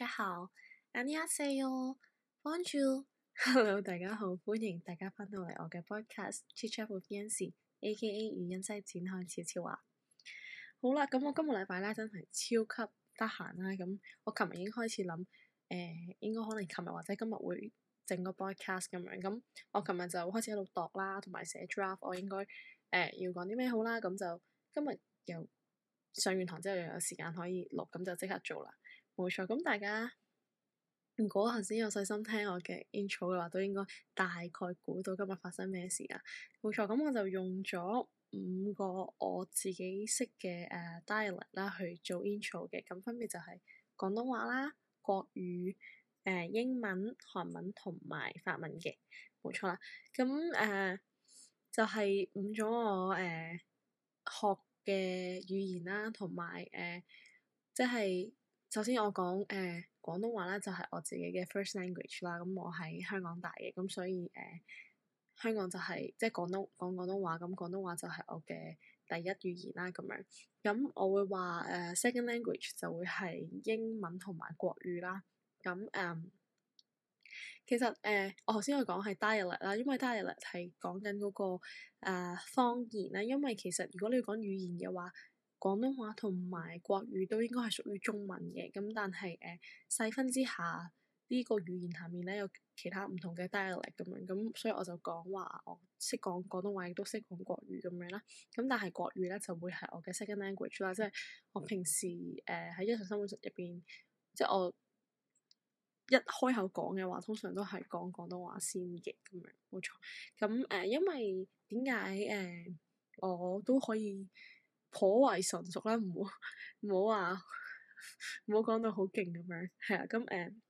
大家好，Anya Say Yo，Bonjour，Hello，大家好，歡迎大家翻到嚟我嘅 Podcast 悄悄錄音時，A.K.A. 語音西展開悄悄話。好啦，咁我今個禮拜咧真係超級得閒啦。咁我琴日已經開始諗，誒、呃，應該可能琴日或者今日會整個 Podcast 咁樣。咁我琴日就開始喺度度啦，同埋寫 draft，我應該誒、呃、要講啲咩好啦。咁就今日又上完堂之後又有時間可以錄，咁就即刻做啦。冇錯，咁大家如果頭先有細心聽我嘅 intro 嘅話，都應該大概估到今日發生咩事啦。冇錯，咁我就用咗五個我自己識嘅誒 dialect 啦去做 intro 嘅，咁分別就係廣東話啦、國語、誒、呃、英文、韓文同埋法文嘅，冇錯啦。咁誒、uh, 就係五種我誒、uh, 學嘅語言啦，同埋誒即係。Uh, 就是首先我講誒、呃、廣東話啦，就係我自己嘅 first language 啦、嗯。咁我喺香港大嘅，咁、嗯、所以誒、呃、香港就係、是、即係廣東講廣東話，咁、嗯、廣東話就係我嘅第一語言啦。咁樣咁、嗯、我會話誒、呃、second language 就會係英文同埋國語啦。咁、嗯、誒其實誒、呃、我頭先我講係 dialect 啦，因為 dialect 係講緊、那、嗰個方、呃、言啦。因為其實如果你要講語言嘅話，廣東話同埋國語都應該係屬於中文嘅，咁但係誒細分之下呢個語言下面咧，有其他唔同嘅 dialect 咁樣，咁所以我就講話我識講廣東話，亦都識講國語咁樣啦，咁但係國語咧就會係我嘅 second language 啦，即係我平時誒喺日常生活入邊，即係我一開口講嘅話，通常都係講廣東話先嘅咁樣，冇錯。咁誒因為點解誒我都可以？頗為純熟啦，唔好唔好話唔好講到好勁咁樣，係啊，咁誒、嗯、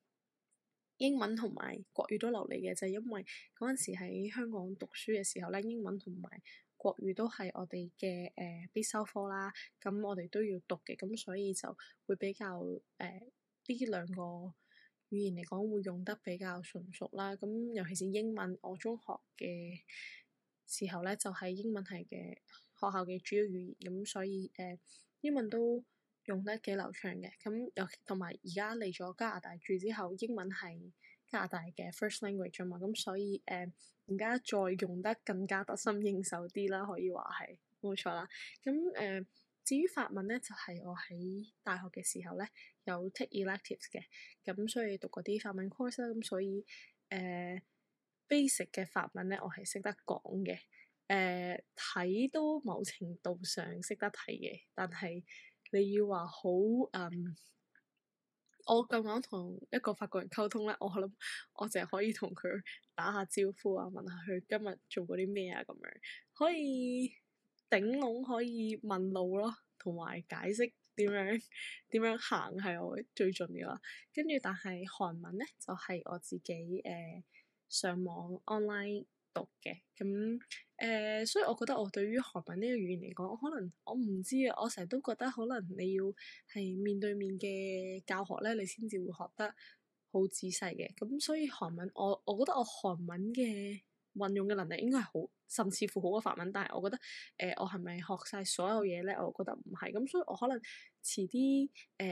英文同埋國語都流利嘅，就係、因為嗰陣時喺香港讀書嘅時候咧，英文同埋國語都係我哋嘅誒必修科啦，咁我哋都要讀嘅，咁所以就會比較誒呢、呃、兩個語言嚟講會用得比較純熟啦。咁尤其是英文，我中學嘅時候咧就係、係、英文系嘅。學校嘅主要語言，咁所以誒、呃、英文都用得幾流暢嘅。咁又同埋而家嚟咗加拿大住之後，英文係加拿大嘅 first language 啊嘛，咁所以誒而家再用得更加得心應手啲啦，可以話係冇錯啦。咁誒、呃、至於法文咧，就係、是、我喺大學嘅時候咧有 take electives 嘅，咁所以讀嗰啲法文 course 啦，咁所以誒 basic 嘅法文咧，我係識得講嘅。誒，睇、呃、都某程度上識得睇嘅，但係你要話好，嗯，我咁啱同一個法國人溝通咧，我諗我淨係可以同佢打下招呼啊，問下佢今日做過啲咩啊，咁樣可以頂籠，可以問路咯，同埋解釋點樣點樣行係我最重要啦。跟住但係韓文咧，就係、是、我自己誒、呃、上網 online。讀嘅咁誒，所以我覺得我對於韓文呢個語言嚟講，我可能我唔知啊。我成日都覺得可能你要係面對面嘅教學咧，你先至會學得好仔細嘅。咁、嗯、所以韓文，我我覺得我韓文嘅運用嘅能力應該係好，甚至乎好過法文。但係我覺得誒、呃，我係咪學晒所有嘢咧？我覺得唔係咁，所以我可能遲啲誒、呃、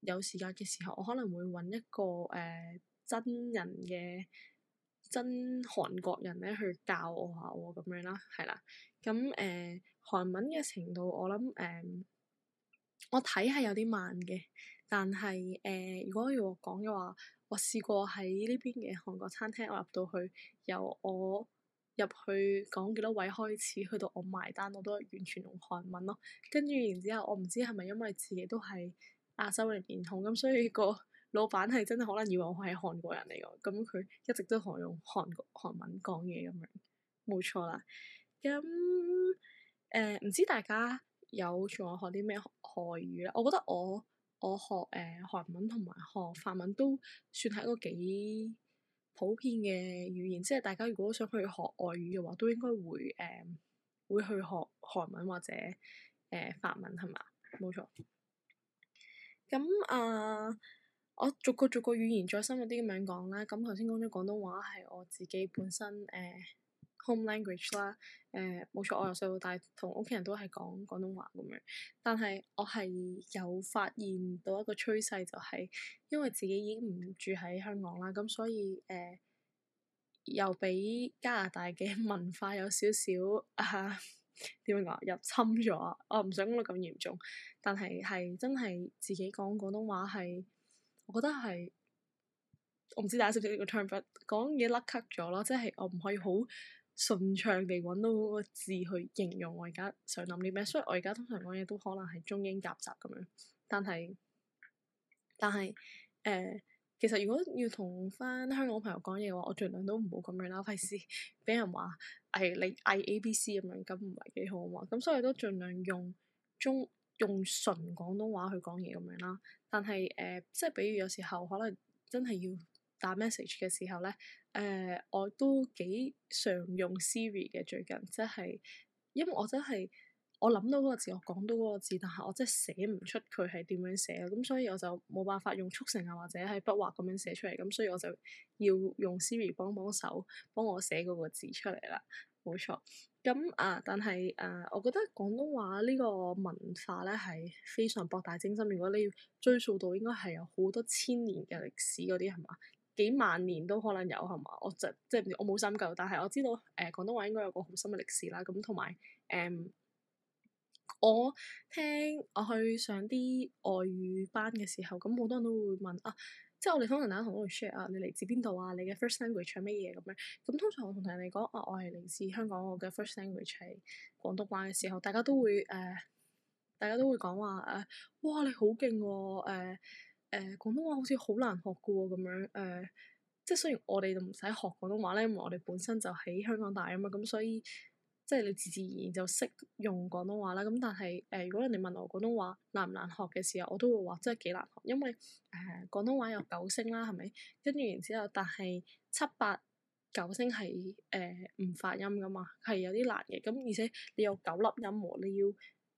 有時間嘅時候，我可能會揾一個誒、呃、真人嘅。真韓國人咧去教我下我咁樣啦，係啦，咁誒、呃、韓文嘅程度我諗誒，我睇係、呃、有啲慢嘅，但係誒、呃、如果要我講嘅話，我試過喺呢邊嘅韓國餐廳，我入到去由我入去講幾多位開始，去到我埋單，我都係完全用韓文咯，跟住然之後我唔知係咪因為自己都係亞洲人面孔咁，所以、那個。老闆係真係可能以為我係韓國人嚟㗎，咁佢一直都同我用韓國韓文講嘢咁樣，冇錯啦。咁誒唔知大家有仲有學啲咩外語咧？我覺得我我學誒、呃、韓文同埋學,學法文都算係一個幾普遍嘅語言，即係大家如果想去學外語嘅話，都應該會誒、呃、會去學韓文或者誒、呃、法文係嘛？冇錯。咁、嗯、啊～、呃我、哦、逐個逐個語言再深入啲咁樣講啦。咁頭先講咗廣東話係我自己本身誒、呃、home language 啦、呃。誒冇錯，我由細到大同屋企人都係講廣東話咁樣。但係我係有發現到一個趨勢、就是，就係因為自己已經唔住喺香港啦，咁、嗯、所以誒、呃、又畀加拿大嘅文化有少少啊點樣講入侵咗。我唔想講到咁嚴重，但係係真係自己講廣東話係。我覺得係，我唔知大家識唔識呢個 transfer，講嘢甩咳咗咯，即係我唔可以好順暢地揾到個字去形容我而家想諗啲咩，所以我而家通常講嘢都可能係中英夾雜咁樣，但係但係誒、呃，其實如果要同翻香港朋友講嘢嘅話，我盡量都唔好咁樣啦，費事俾人話係你嗌 A B C 咁樣，咁唔係幾好啊嘛，咁所以我都盡量用中。用純廣東話去講嘢咁樣啦，但係誒、呃，即係比如有時候可能真係要打 message 嘅時候咧，誒、呃，我都幾常用 Siri 嘅。最近、就是，即係因為我真係我諗到嗰個字，我講到嗰個字，但係我真係寫唔出佢係點樣寫，咁所以我就冇辦法用速成啊或者係筆畫咁樣寫出嚟，咁所以我就要用 Siri 幫幫手，幫我寫嗰個字出嚟啦，冇錯。咁啊、嗯，但係誒、呃，我覺得廣東話呢個文化咧係非常博大精深。如果你要追溯到，應該係有好多千年嘅歷史嗰啲係嘛？幾萬年都可能有係嘛？我就即係我冇深究，但係我知道誒、呃、廣東話應該有個好深嘅歷史啦。咁同埋誒，我聽我去上啲外語班嘅時候，咁好多人都會問啊。即係我哋通常大家同我哋 share 啊，你嚟自邊度啊，你嘅 first language 係乜嘢咁樣？咁通常我同人哋講，啊我係嚟自香港，我嘅 first language 係廣東話嘅時候，大家都會誒、呃，大家都會講話誒，哇你好勁喎、哦，誒、呃、誒、呃、廣東話好似好難學嘅喎咁樣，誒、呃，即係雖然我哋就唔使學廣東話咧，因為我哋本身就喺香港大啊嘛，咁所以。即係你自自然然就識用廣東話啦，咁但係誒、呃，如果人哋問我廣東話難唔難學嘅時候，我都會話真係幾難學，因為誒、呃、廣東話有九聲啦，係咪？跟住然之後，但係七八九聲係誒唔發音㗎嘛，係有啲難嘅。咁而且你有九粒音喎，你要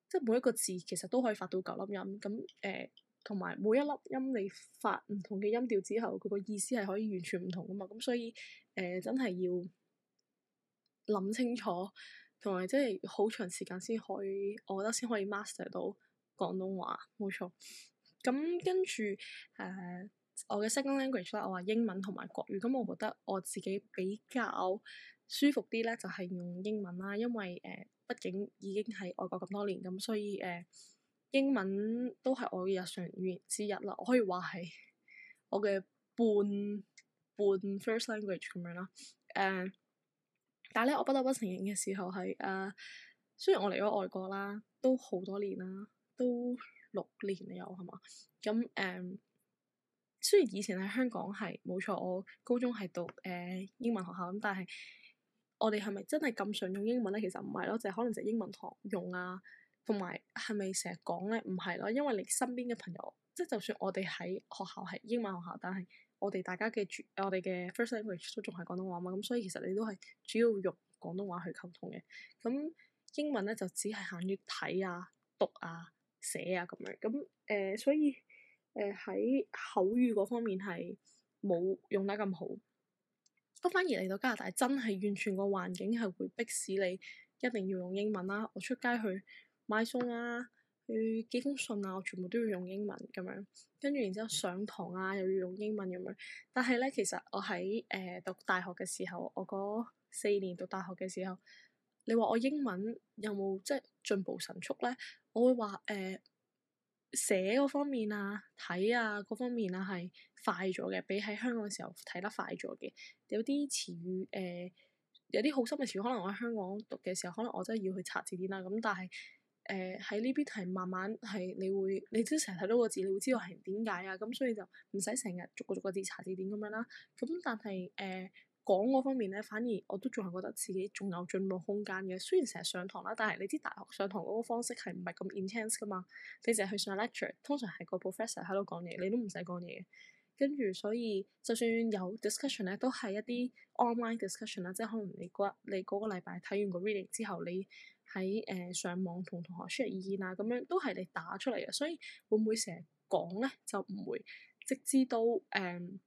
即係每一個字其實都可以發到九粒音，咁誒同埋每一粒音你發唔同嘅音調之後，佢個意思係可以完全唔同㗎嘛，咁所以誒、呃、真係要。諗清楚，同埋即係好長時間先可以，我覺得先可以 master 到廣東話，冇錯。咁跟住誒、呃，我嘅 second language 咧，我話英文同埋國語。咁我覺得我自己比較舒服啲咧，就係用英文啦，因為誒、呃，畢竟已經喺外國咁多年，咁所以誒、呃，英文都係我嘅日常語言之一啦。我可以話係我嘅半半 first language 咁樣啦，誒、呃。但咧，我不得不承認嘅時候係誒、呃，雖然我嚟咗外國啦，都好多年啦，都六年啦又係嘛？咁誒、嗯，雖然以前喺香港係冇錯，我高中係讀誒、呃、英文學校咁，但係我哋係咪真係咁常用英文咧？其實唔係咯，就係可能就係英文堂用啊，同埋係咪成日講咧？唔係咯，因為你身邊嘅朋友，即、就、係、是、就算我哋喺學校係英文學校，但係，我哋大家嘅我哋嘅 first language 都仲係廣東話嘛，咁所以其實你都係主要用廣東話去溝通嘅，咁英文咧就只係限於睇啊、讀啊、寫啊咁樣，咁誒、呃、所以誒喺、呃、口語嗰方面係冇用得咁好，不過反而嚟到加拿大真係完全個環境係會逼使你一定要用英文啦、啊，我出街去買餸啊～佢幾封信啊，我全部都要用英文咁樣，跟住然之後上堂啊，又要用英文咁樣。但係咧，其實我喺誒、呃、讀大學嘅時候，我嗰四年讀大學嘅時候，你話我英文有冇即係進步神速咧？我會話誒寫嗰方面啊、睇啊嗰方面啊係快咗嘅，比喺香港嘅時候睇得快咗嘅。有啲詞語誒，有啲好深嘅詞語，可能我喺香港讀嘅時候，可能我真係要去查字典啦。咁但係，誒喺呢邊係慢慢係你會，你都成日睇到個字，你會知道係點解啊，咁所以就唔使成日逐個逐個字查字典咁樣啦。咁但係誒講嗰方面咧，反而我都仲係覺得自己仲有進步空間嘅。雖然成日上堂啦，但係你啲大學上堂嗰個方式係唔係咁 intense 噶嘛？你淨係去上 lecture，通常係個 professor 喺度講嘢，你都唔使講嘢。跟住所以就算有 dis cussion, discussion 咧，都係一啲 online discussion 啦，即係可能你你嗰個禮拜睇完個 reading 之後你。喺誒、呃、上網同同學 share 意見啊，咁樣都係你打出嚟嘅，所以會唔會成日講咧？就唔會直。直至到誒，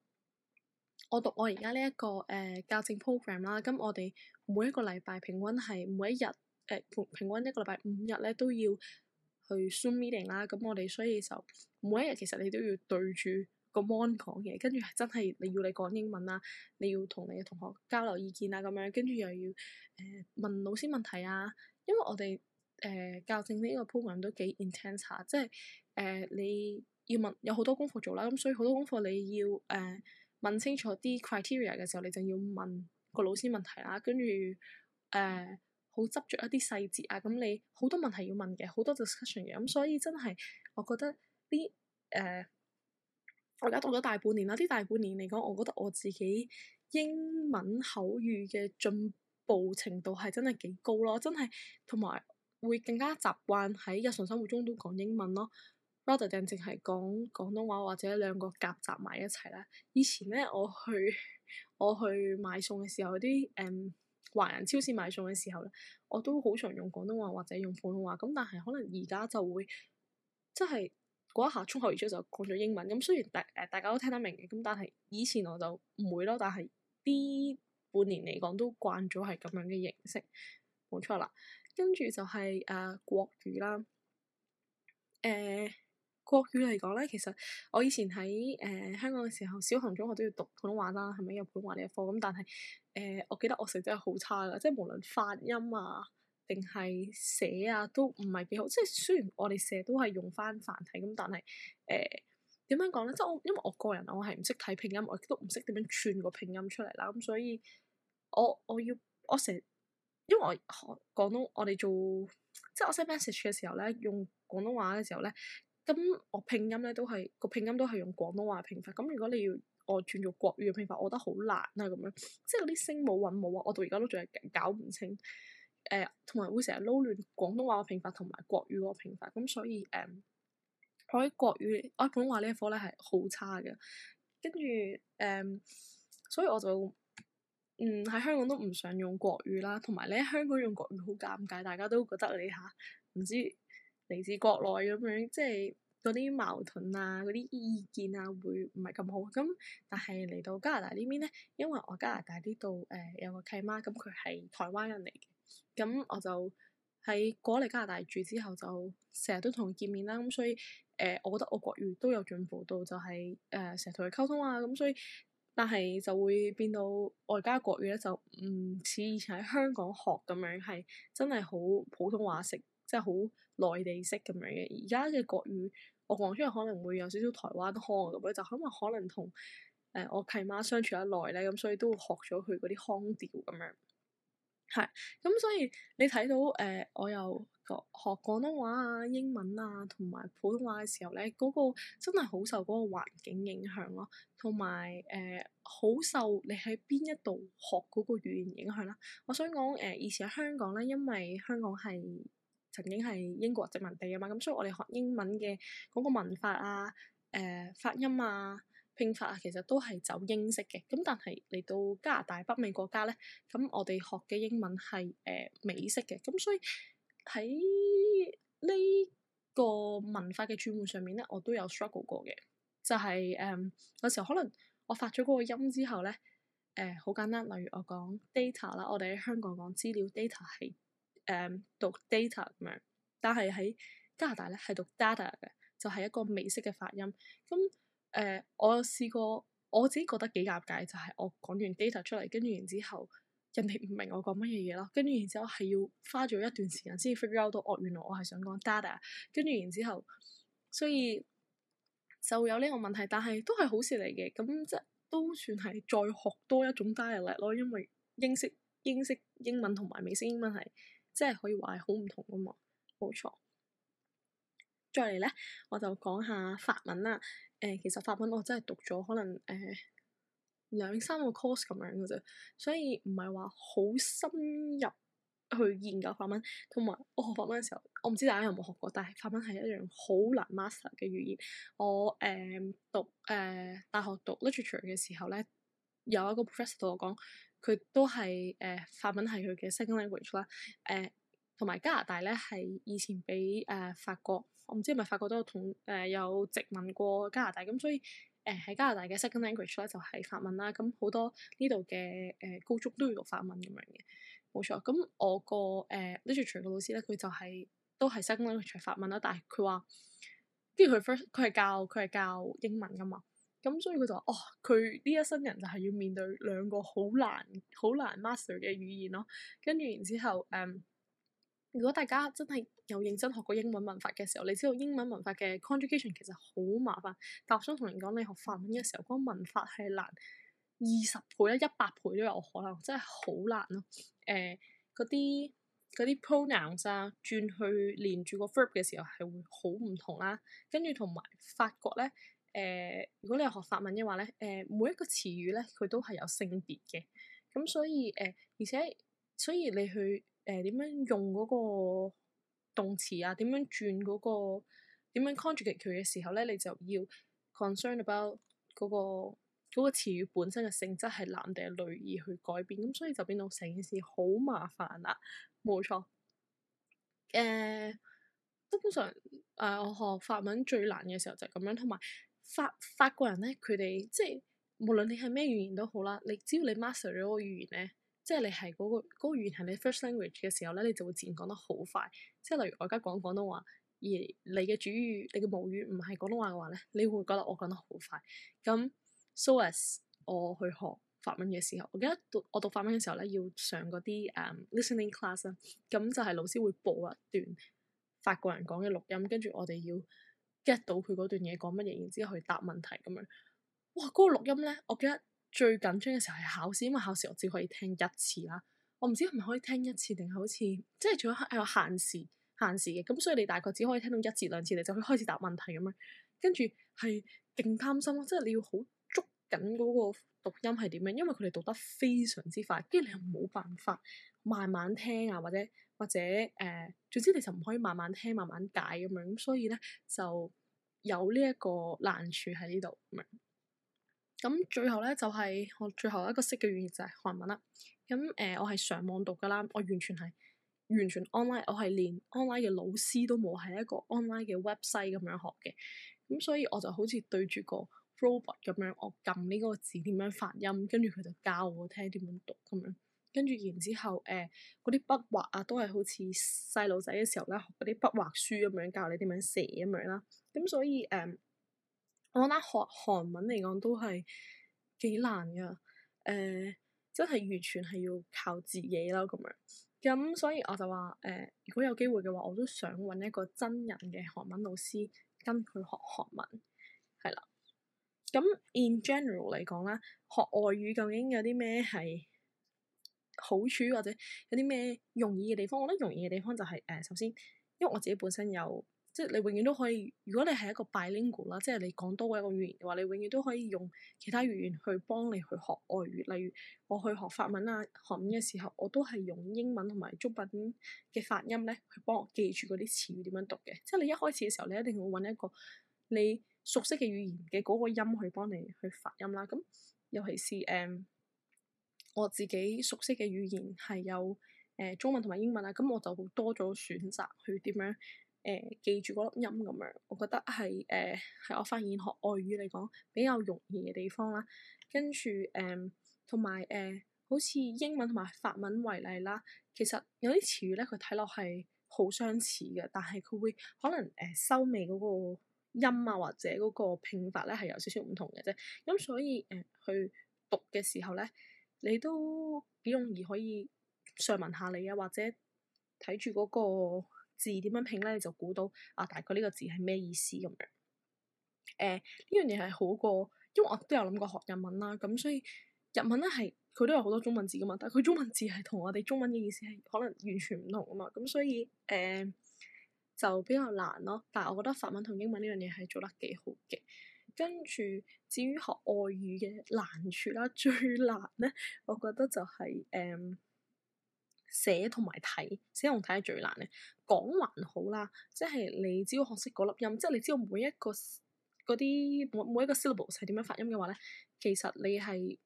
我讀我而家呢一個誒教政 program 啦，咁我哋每一個禮拜平均係每一日誒、呃、平均一個禮拜五日咧都要去 Zoom meeting 啦，咁我哋所以就每一日其實你都要對住個 mon 講嘢，跟住真係你要你講英文啊，你要同你嘅同學交流意見啊咁樣，跟住又要誒、呃、問老師問題啊。因為我哋誒、呃、教政呢個 program 都幾 intense 啊，即係誒你要問有好多功課做啦，咁、嗯、所以好多功課你要誒、呃、問清楚啲 criteria 嘅時候，你就要問個老師問題啦，跟住誒好執着一啲細節啊，咁、嗯、你好多問題要問嘅，好多 discussion 嘅，咁、嗯、所以真係我覺得呢，誒、呃、我而家讀咗大半年啦，啲大半年嚟講，我覺得我自己英文口語嘅進步程度係真係幾高咯，真係同埋會更加習慣喺日常生活中都講英文咯，rather than 淨係講廣東話或者兩個夾雜埋一齊啦。以前咧，我去我去買餸嘅時候，啲誒華人超市買餸嘅時候咧，我都好常用廣東話或者用普通話，咁但係可能而家就會即係嗰一下衝口而出就講咗英文，咁雖然大誒、呃、大家都聽得明嘅，咁但係以前我就唔會咯，但係啲。半年嚟講都慣咗係咁樣嘅形式，冇錯啦。跟住就係、是、誒、呃、國語啦，誒、呃、國語嚟講咧，其實我以前喺誒、呃、香港嘅時候，小學、中學都要讀普通話啦，係咪有普通話呢一課？咁但係誒、呃，我記得我成績好差噶，即係無論發音啊，定係寫啊，都唔係幾好。即係雖然我哋成日都係用翻繁體咁，但係誒點樣講咧？即係我因為我個人我係唔識睇拼音，我亦都唔識點樣串個拼音出嚟啦。咁、嗯、所以。我我要我成日，因為我學廣東我哋做，即係我 send message 嘅時候咧，用廣東話嘅時候咧，咁我拼音咧都係個拼音都係用廣東話嘅拼法。咁如果你要我轉做國語嘅拼法，我覺得好難啦咁樣，即係嗰啲聲母韻母啊，我到而家都仲係搞唔清。誒、呃，同埋會成日撈亂廣東話嘅拼法同埋國語嘅拼法。咁所以誒、嗯，我喺國語、我喺普通話呢一科咧係好差嘅。跟住誒，所以我就。嗯，喺香港都唔想用國語啦，同埋你喺香港用國語好尷尬，大家都覺得你嚇唔、啊、知嚟自國內咁樣，即係嗰啲矛盾啊、嗰啲意見啊，會唔係咁好。咁但係嚟到加拿大呢邊咧，因為我加拿大呢度誒有個契媽，咁佢係台灣人嚟嘅，咁我就喺過嚟加拿大住之後，就成日都同佢見面啦。咁所以誒、呃，我覺得我國語都有進步到，就係誒成日同佢溝通啊。咁所以。但係就會變到外加國語咧，就唔似以前喺香港學咁樣，係真係好普通話式，即係好內地式咁樣嘅。而家嘅國語，我講出嚟可能會有少少台灣腔咁樣，就因為可能同誒我契媽相處得耐咧，咁所以都會學咗佢嗰啲腔調咁樣。係，咁所以你睇到誒、呃，我有學,學廣東話啊、英文啊，同埋普通話嘅時候咧，嗰、那個真係好受嗰個環境影響咯、啊，同埋誒好受你喺邊一度學嗰個語言影響啦、啊。我想講誒、呃，以前喺香港咧，因為香港係曾經係英國殖民地啊嘛，咁所以我哋學英文嘅嗰個文法啊、誒、呃、發音啊。拼法啊，其實都係走英式嘅，咁但係嚟到加拿大北美國家咧，咁我哋學嘅英文係誒、呃、美式嘅，咁所以喺呢個文化嘅轉換上面咧，我都有 struggle 過嘅，就係誒有時候可能我發咗嗰個音之後咧，誒、呃、好簡單，例如我講 data 啦，我哋喺香港講資料 data 係誒、呃、讀 data 咁樣，但係喺加拿大咧係讀 data 嘅，就係、是、一個美式嘅發音，咁、嗯。誒、呃，我試過我自己覺得幾尷尬，就係、是、我講完 data 出嚟，跟住然之後人哋唔明我講乜嘢嘢咯，跟住然之後係要花咗一段時間先 figure out 到，哦，原來我係想講 data，跟住然之後，後，所以就有呢個問題，但係都係好事嚟嘅，咁即係都算係再學多一種 dialect 咯，因為英式、英式英文同埋美式英文係即係可以話係好唔同㗎嘛，冇錯。再嚟咧，我就講下法文啦。誒、呃，其實法文我真係讀咗可能誒、呃、兩三個 course 咁樣嘅啫，所以唔係話好深入去研究法文。同埋我學法文嘅時候，我唔知大家有冇學過，但係法文係一樣好難 master 嘅語言。我誒、呃、讀誒、呃、大學讀 literature 嘅時候咧，有一個 professor 同我講，佢都係誒、呃、法文係佢嘅 second language 啦、呃。誒同埋加拿大咧，係以前畀誒、呃、法國。唔知係咪法國都有同誒有殖民過加拿大咁，所以誒喺、呃、加拿大嘅 second language 咧就係、是、法文啦。咁好多呢度嘅誒高中都要讀法文咁樣嘅，冇錯。咁我個誒 doctoral 嘅老師咧，佢就係、是、都係 second language 法文啦。但係佢話，跟住佢 first 佢係教佢係教英文㗎嘛。咁所以佢就話：哦，佢呢一生人就係要面對兩個好難好難 master 嘅語言咯。跟住然之後誒、嗯，如果大家真係，有認真學過英文文法嘅時候，你知道英文文法嘅 conjugation 其實好麻煩。但我想同你講，你學法文嘅時候，嗰個文法係難二十倍咧，一百倍都有可能，真係好難咯。誒、呃，嗰啲啲 pronouns 啊，轉去連住個 verb 嘅時候係會好唔同啦。跟住同埋法國咧，誒、呃，如果你係學法文嘅話咧，誒、呃，每一個詞語咧佢都係有性別嘅，咁所以誒、呃，而且所以你去誒點、呃、樣用嗰、那個？動詞啊，點樣轉嗰、那個點樣 conjugate 佢嘅時候咧，你就要 concern about 嗰、那個嗰、那個詞語本身嘅性質係男定係女而去改變，咁所以就變到成件事好麻煩啦、啊。冇錯，誒、uh,，通常我學法文最難嘅時候就係咁樣，同埋法法國人咧，佢哋即係無論你係咩語言都好啦，你只要你 master 咗個語言咧。即係你係嗰個嗰個語言係你 first language 嘅時候咧，你就會自然講得好快。即係例如我而家講廣東話，而你嘅主語、你嘅母語唔係廣東話嘅話咧，你會覺得我講得好快。咁 so as 我去學法文嘅時候，我記得讀我讀法文嘅時候咧，要上嗰啲誒 listening class 啊。咁就係老師會播一段法國人講嘅錄音，跟住我哋要 get 到佢嗰段嘢講乜嘢，然之後去答問題咁樣。哇！嗰個錄音咧，我記得。最緊張嘅時候係考試，因為考試我只可以聽一次啦。我唔知係咪可以聽一次定係好似即係仲有有限時、限時嘅。咁所以你大概只可以聽到一至兩次，你就可以開始答問題咁樣。跟住係勁擔心，即係你要好捉緊嗰個讀音係點樣，因為佢哋讀得非常之快，跟住你又冇辦法慢慢聽啊，或者或者誒、呃，總之你就唔可以慢慢聽、慢慢解咁樣。咁所以咧就有呢一個難處喺呢度。嗯咁最後咧就係、是、我最後一個識嘅語言就係、是、韓文啦。咁、嗯、誒、呃，我係上網讀噶啦，我完全係完全 online，我係連 online 嘅老師都冇，係一個 online 嘅 website 咁樣學嘅。咁、嗯、所以我就好似對住個 robot 咁樣，我撳呢個字點樣發音，跟住佢就教我聽點樣讀咁樣。跟住然之後誒，嗰、呃、啲筆畫啊，都係好似細路仔嘅時候咧嗰啲筆畫書咁樣教你點樣寫咁樣啦。咁、嗯、所以誒。嗯我覺得學韓文嚟講都係幾難㗎，誒、呃、真係完全係要靠自己囉咁樣。咁所以我就話誒、呃，如果有機會嘅話，我都想搵一個真人嘅韓文老師跟佢學韓文，係啦。咁 in general 嚟講啦，學外語究竟有啲咩係好處，或者有啲咩容易嘅地方？我覺得容易嘅地方就係、是、誒、呃，首先因為我自己本身有。即係你永遠都可以，如果你係一個 bilingual 啦，即係你講多一個語言嘅話，你永遠都可以用其他語言去幫你去學外語。例如我去學法文啊、韓文嘅時候，我都係用英文同埋中文嘅發音咧，去幫我記住嗰啲詞語點樣讀嘅。即係你一開始嘅時候，你一定會搵一個你熟悉嘅語言嘅嗰個音去幫你去發音啦。咁尤其是誒我自己熟悉嘅語言係有誒中文同埋英文啊，咁我就多咗選擇去點樣。誒、呃，記住嗰個音咁樣，我覺得係誒係我發現學外語嚟講比較容易嘅地方啦。跟住誒，同埋誒，好似英文同埋法文為例啦，其實有啲詞語咧，佢睇落係好相似嘅，但係佢會可能誒、呃、收尾嗰個音啊，或者嗰個拼法咧，係有少少唔同嘅啫。咁所以誒、呃、去讀嘅時候咧，你都幾容易可以上文下理啊，或者睇住嗰個。字點樣拼咧，你就估到啊，大概呢個字係咩意思咁樣。誒、呃，呢樣嘢係好過，因為我都有諗過學日文啦，咁所以日文咧係佢都有好多中文字噶嘛，但係佢中文字係同我哋中文嘅意思係可能完全唔同吖嘛，咁所以誒、呃、就比較難咯。但係我覺得法文同英文呢樣嘢係做得幾好嘅。跟住至於學外語嘅難處啦，最難咧，我覺得就係、係、誒。嗯寫同埋睇，寫同睇係最難嘅。講還好啦，即係你只要學識嗰粒音，即係你知道每一個嗰啲每一個 syllable 係點樣發音嘅話咧，其實你係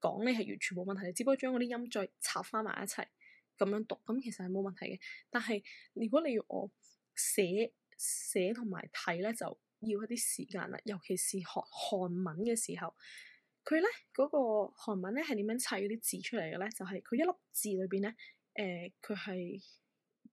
講咧係完全冇問題。你只不過將嗰啲音再插翻埋一齊咁樣讀，咁其實係冇問題嘅。但係如果你要我寫寫同埋睇咧，就要一啲時間啦。尤其是學韓、韓文嘅時候，佢咧嗰個韓文咧係點樣砌嗰啲字出嚟嘅咧，就係、是、佢一粒字裏邊咧。誒，佢係、呃、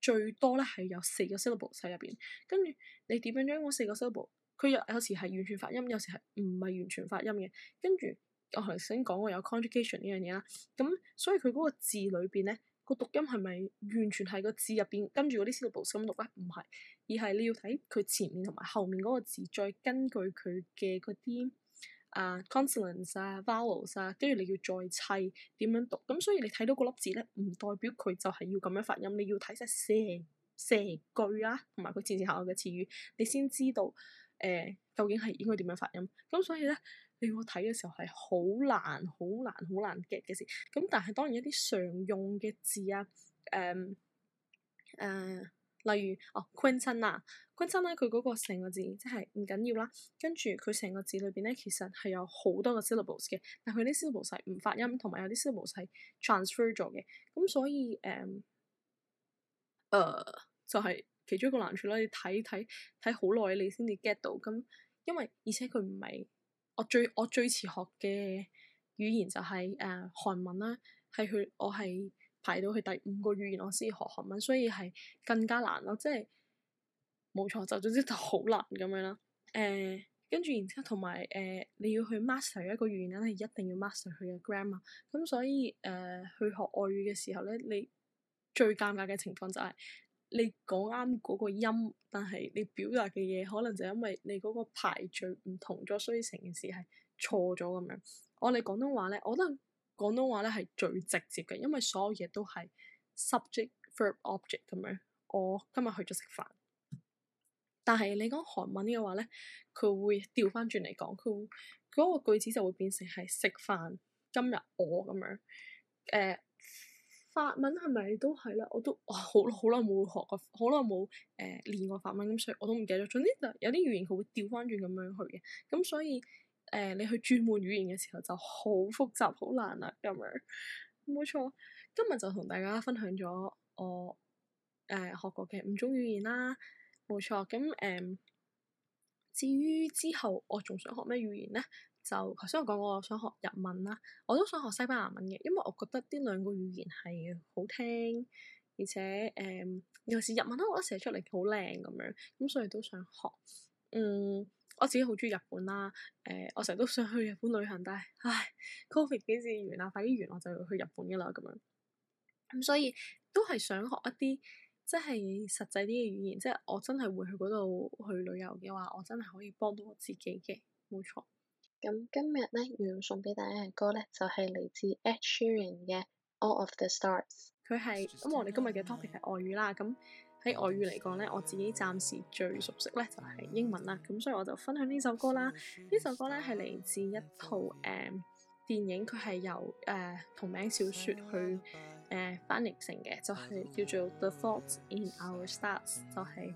最多咧，係有四個 syllable 喺入邊。跟住你點樣將嗰四個 syllable，佢有有時係完全發音，有時係唔係完全發音嘅。跟住我頭先講過有 conjugation 呢樣嘢啦，咁、嗯、所以佢嗰個字裏邊咧個讀音係咪完全係個字入邊跟住嗰啲 syllable 咁讀咧？唔係，而係你要睇佢前面同埋後面嗰個字，再根據佢嘅嗰啲。啊，consonants 啊，vowels 啊，跟住、uh, uh, uh, 你要再砌點樣讀咁，所以你睇到嗰粒字咧，唔代表佢就係要咁樣發音，你要睇晒成成句啊，同埋佢前前後後嘅詞語，你先知道誒、呃、究竟係應該點樣發音。咁所以咧，你我睇嘅時候係好難、好難、好難 get 嘅事。咁但係當然一啲常用嘅字啊，誒、呃、誒。呃例如哦，Queen 真啊，Queen 真咧，佢嗰個成個字即係唔緊要啦。跟住佢成個字裏邊咧，其實係有好多個 syllables 嘅，但佢啲 syllables 係唔發音，同埋有啲 syllables 係 transfer 咗嘅。咁所以誒，誒、um, uh, 就係其中一個難處啦。你睇睇睇好耐，看看看看你先至 get 到。咁因為而且佢唔係我最我最遲學嘅語言就係、是、誒、uh, 韓文啦，係佢我係。排到去第五個語言，我先學韓文，所以係更加難咯，即係冇錯，就總之就好難咁樣啦。誒、呃，跟住然之後，同埋誒你要去 master 一個語言咧，係一定要 master 佢嘅 grammar。咁所以誒、呃，去學外語嘅時候咧，你最尷尬嘅情況就係、是、你講啱嗰個音，但係你表達嘅嘢可能就因為你嗰個排序唔同咗，所以成件事係錯咗咁樣。我哋廣東話咧，我覺得。廣東話咧係最直接嘅，因為所有嘢都係 subject verb object 咁樣。我今日去咗食飯。但係你講韓文嘅話咧，佢會調翻轉嚟講，佢嗰、那個句子就會變成係食飯今日我咁樣。誒、呃、法文係咪都係啦？我都好好耐冇學過，好耐冇誒練過法文咁，所以我都唔記得咗。總之就有啲語言佢會調翻轉咁樣去嘅，咁、嗯、所以。誒、呃，你去轉換語言嘅時候就好複雜，好難啦咁樣，冇錯。今日就同大家分享咗我誒、呃、學過嘅五種語言啦，冇錯。咁誒、嗯，至於之後我仲想學咩語言咧？就頭先我講過我想學日文啦，我都想學西班牙文嘅，因為我覺得呢兩個語言係好聽，而且誒、嗯、尤其是日文啦，我覺得寫出嚟好靚咁樣，咁所以都想學，嗯。我自己好中意日本啦，誒、呃，我成日都想去日本旅行，但係，唉，Covid 幾時完啊？快啲完我就要去日本嘅啦咁樣。咁、嗯、所以都係想學一啲即係實際啲嘅語言，即係我真係會去嗰度去旅遊嘅話，我真係可以幫到我自己嘅。冇錯。咁今日咧要送俾大家嘅歌咧，就係、是、嚟自 Ed Sheeran 嘅《All of the Stars》。佢係咁，我哋今日嘅 topic 係外語啦，咁。喺外語嚟講咧，我自己暫時最熟悉咧就係英文啦。咁所以我就分享呢首歌啦。呢首歌咧係嚟自一套誒、um，電影，佢係由誒、uh，同名小説去誒、uh，翻譯成嘅，就係叫做《The Fault in Our Stars》，就係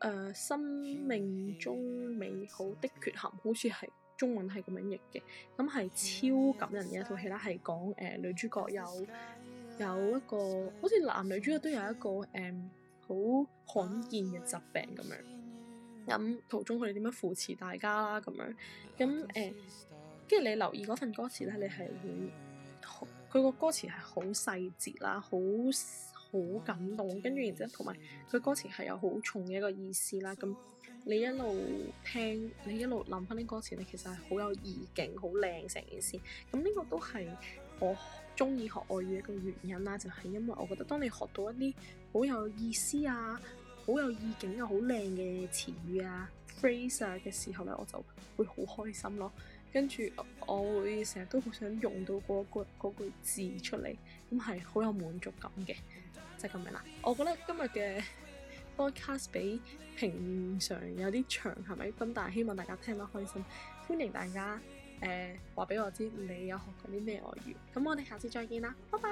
誒生命中美好的缺陷，好似係中文係咁樣譯嘅。咁係超感人嘅一套戲啦，係講誒女主角有。有一個好似男女主角都有一個誒好、嗯、罕見嘅疾病咁樣，咁、嗯、途中佢哋點樣扶持大家啦咁樣，咁誒，跟、嗯、住、嗯、你留意嗰份歌詞咧，你係會，佢個歌詞係好細節啦，好好感動，跟住然之後同埋佢歌詞係有好重嘅一個意思啦，咁你一路聽，你一路諗翻啲歌詞，你其實係好有意境、好靚成件事，咁呢個都係。我中意學外語嘅原因啦，就係因為我覺得當你學到一啲好有意思啊、好有意境啊、好靚嘅詞語啊、phrase 啊嘅時候咧，我就會好開心咯、啊。跟住我會成日都好想用到嗰、嗰個句、嗰個、字出嚟，咁係好有滿足感嘅，就係、係、咁樣啦。我覺得今日嘅 broadcast 比平常有啲長，係咪？但係希望大家聽得開心，歡迎大家。誒話俾我知你有學過啲咩外語？咁我哋下次再見啦，拜拜。